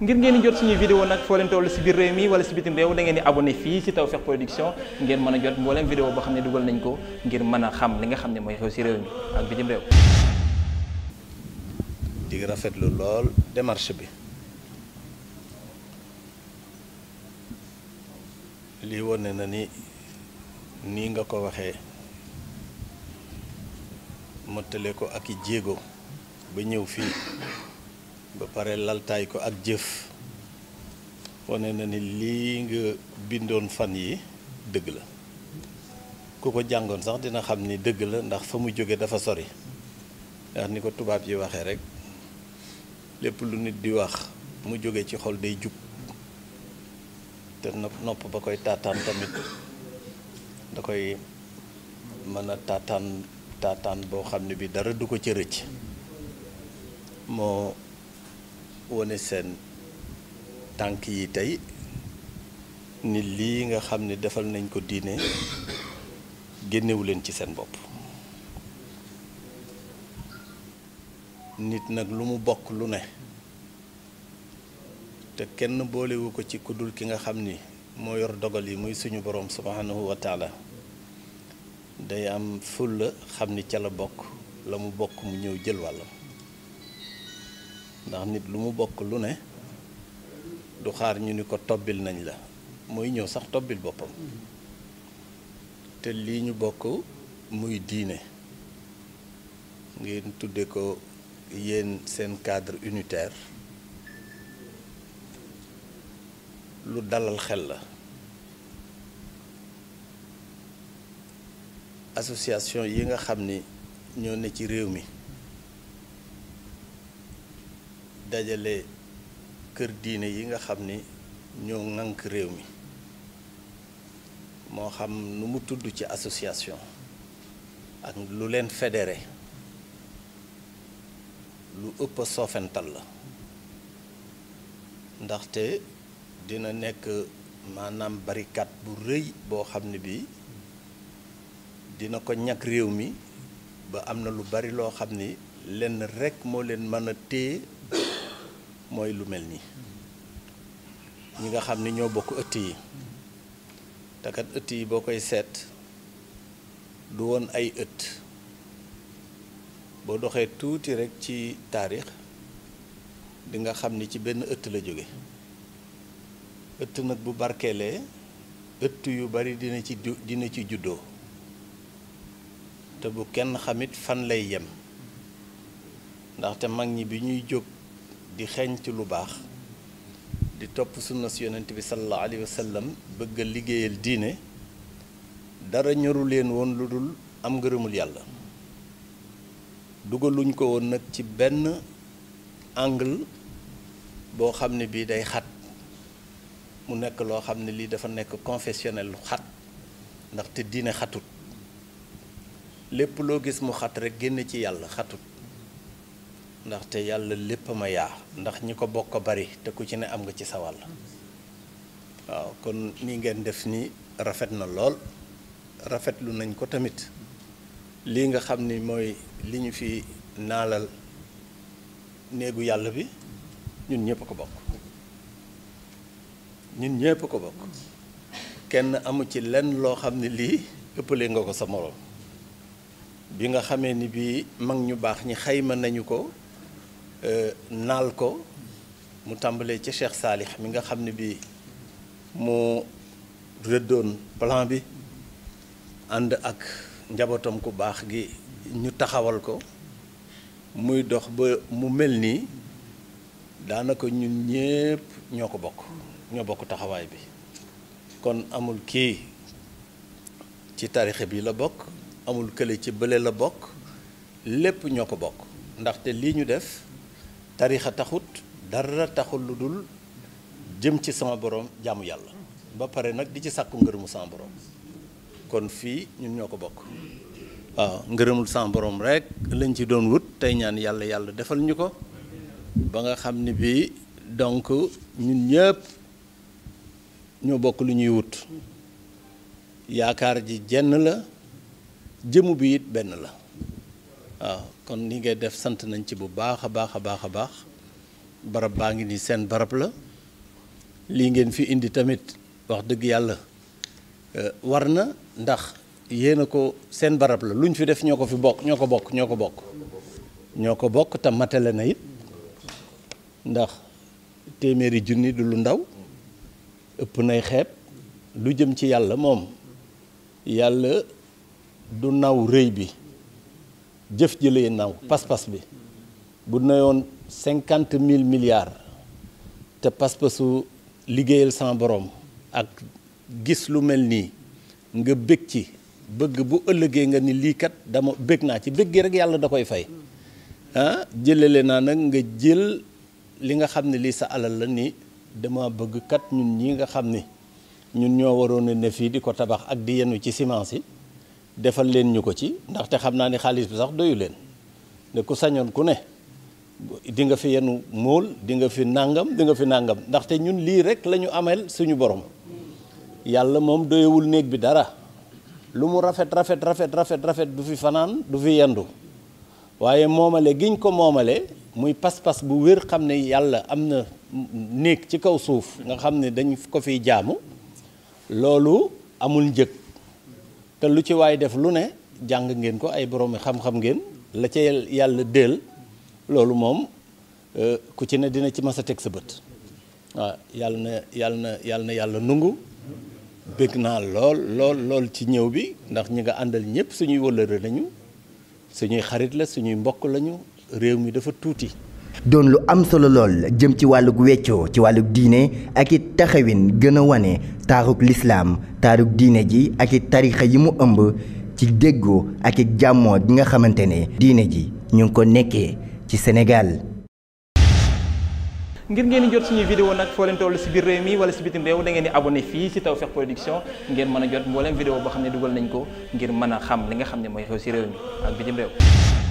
ngir ngeen di jot suñuy vidéo nag foo leen si biir réew mi wala si bitim réew da ngeen di abonné fii si Tawfekh Production ngeen mën a jot mbooleem vidéo boo xam ne dugal nañ ko ngir mën a xam li nga xam ne mooy xew si réew mi ak bitim réew di rafetlu lool démarche bi lii wane na ni nii nga ko waxee mottale ko ak i jéego ba ñëw fii ba pare laltaay ko ak jëf wane na ni lii nga bindoon fan yi dëgg la ku ko jàngoon sax dina xam ni dëgg la ndax fa mu jóge dafa sori ndax ni ko tubaab yi waxee rek lépp lu nit di wax mu jóge ci xol day jub te nopp ba koy taataan tamit da koy mën a taataan taataan boo xam ne bi dara du ko ca rëcc moo wane seen tànk yi tey nit lii nga xam ne defal nañ ko diine génnewu leen ci seen bopp nit nag lu mu bokk lu ne te kenn boolewu ko ci kudul ki nga xam ni moo yor dogal yi muy suñu borom subhanahu wa taala day am fulla xam ni ca la bokk la mu bokk mu ñëw jël wàllam ndax nit lu mu bokk lu ne du xaar ñu ni ko tobbil nañ la mooy ñëw sax tobbil boppam te lii ñu bokk muy diine ngeen tudde ko yéen seen cadre unitaire lu dalal xel la association yi nga xam ni ñoo ne ci réew mi dajale kër diine yi nga xam ni ñoo nank réew mi moo xam nu mu tudd ci association ak lu leen federe lu ëpp a la ndaxte dina nekk maanaam barikat bu rëy boo xam ne bii dina ko ñàkk réew mi ba am na lu bari loo xam ni lenn rekk moo leen mën a téye mooy lu mel nii ñi nga xam ni ñoo bokk ëtt yi te ëtt yi boo koy seet du woon ay ëtt boo doxee tuuti rekk ci taarix di nga xam ni ci benn ëtt la jóge ëtt nag bu barkeelee ëtt yu bari dina ci dina ci juddoo te bu kenn xamit fan lay yem ndaxte mag ñi bi ñuy jóg di xeeñ ci lu baax di topp sunna si yonent bi sallallahu alayhi wa sallam bëgg liggéeyal diine dara ñoru leen woon lu dul am ngërëmul yàlla dugaluñ ko woon nag ci benn angle boo xam ne bii day xat mu nekk loo xam ne lii dafa nekk confessionnel lu xat ndaxte diine xatut lépp loo gis mu xat rekk génn ci yàlla xatut ndaxte yàlla lépp ma yaa ndax ñi ko bokk bari te ku ci ne am nga ci sawal waaw kon nii ngeen def ni rafet na lool rafetlu nañ ko tamit lii nga xam ni mooy li ñu fi naalal néegu yàlla bi ñun ñëpp ko bokk ñun ñépp ko bokk kenn amu ci lenn loo xam ne lii ëpp leen nga ko sa moroom bi nga xamee ni bii mag ñu baax ñi xayma nañu ko Euh, naal ko mu tàmbalee ca Cheikh Salih mi nga xam ne bii mu rëddoon plan bi ànd ak njabootam ku baax gi ñu taxawal ko muy dox ba mu mel nii daanaka ñun ñépp ñoo ko bokk ñoo bokk taxawaay bi kon amul kii ci tarixe bi la bokk amul kële ci bële la bokk lépp ñoo ko bokk ndaxte lii ñu def a taxut dara taxul lu dul jëm ci sama borom jaamu yàlla ba pare nag di ci sàkku ngërëmu sama borom kon fii ñun ñoo ko bokk waaw ngërëmul sama borom rek lañ ci doon wut tey ñaan yàlla yàlla defal ñu ko ba nga xam ne bii donc ñun ñëpp ñoo bokk lu ñuy wut yaakaar ji jenn la jëmu bi it benn la waaw kon ni ngay def sant nañ ci bu baax a baax a baax a baax barab baa ngi ni seen barab la lii ngeen fi indi tamit wax dëgg yàlla euh, war na ndax yéen a ko seen barab la lu ñu fi def ñoo ko fi bokk ñoo ko bokk ñoo ko bokk ñoo ko bokk te matale na it ndax téeméeri junni du lu ndaw ëpp nay xeeb lu jëm ci yàlla moom yàlla du naw rëy bi jëf ji lay naw pas-pas bi bu newoon cinquante mille milliards te pas-pasu liggéeyal sama borom ak gis lu mel nii nga bég ci bëgg bu ëllëgee nga ni lii kat dama bég naa ci bég gi rek yàlla da koy fay ah jëlale naa nag nga jël li nga xam ne lii sa alal la ni dama bëgg kat ñun ñi nga xam ni ñun ñoo waroon ne fii di ko tabax ak di yenu ci semence yi defal leen ñu ko ci ndaxte xam naa ni xaalis bi sax doyu leen ne ku sañoon ku ne di nga fi yenu móol di nga fi nàngam di nga fi nàngam ndaxte ñun lii rek lañu ameel suñu borom yàlla moom doyewul néeg bi dara lu mu rafet rafet rafet rafet rafet du fi fanaan du fi yendu waaye moomale giñ ko moomale muy pas-pas bu wér xam ne yàlla am na néeg ci kaw suuf nga xam ne dañ ko fiy jaamu loolu amul njëg te lu ci waay def lu ne jàng ngeen ko ay boroomi xam-xam ngeen la ca yàlla déel loolu moom euh, ku ci ne dina ci mas a teg sa bët waaw yàlla na yàlla na yàlla na yàlla nungu bëgg naa lool lool lool ci ñëw bi ndax ñi nga àndal ñëpp suñuy wëllëre lañu suñuy xarit la suñuy mbokk lañu réew mi dafa tuuti doon lu am solo lool jëm ci wàllug weccoo ci wàllug diine ak it taxawin gën a wane taarug lislaam taarug diine ji ak it tarixa yi mu ëmb ci déggoo ak it jàmmoo gi nga xamante ne diine ji ñu ngi ko nekkee ci Sénégal. ngir ngeen di jot suñuy vidéo nag foo leen toll si biir réew mi wala si bitim réew da ngeen di abonné fii si Tawfekh Production ngeen mën jot mbooleem vidéo boo xam ne dugal nañ ko ngir mën a xam li nga xam ne mooy xew si réew mi ak bitim réew.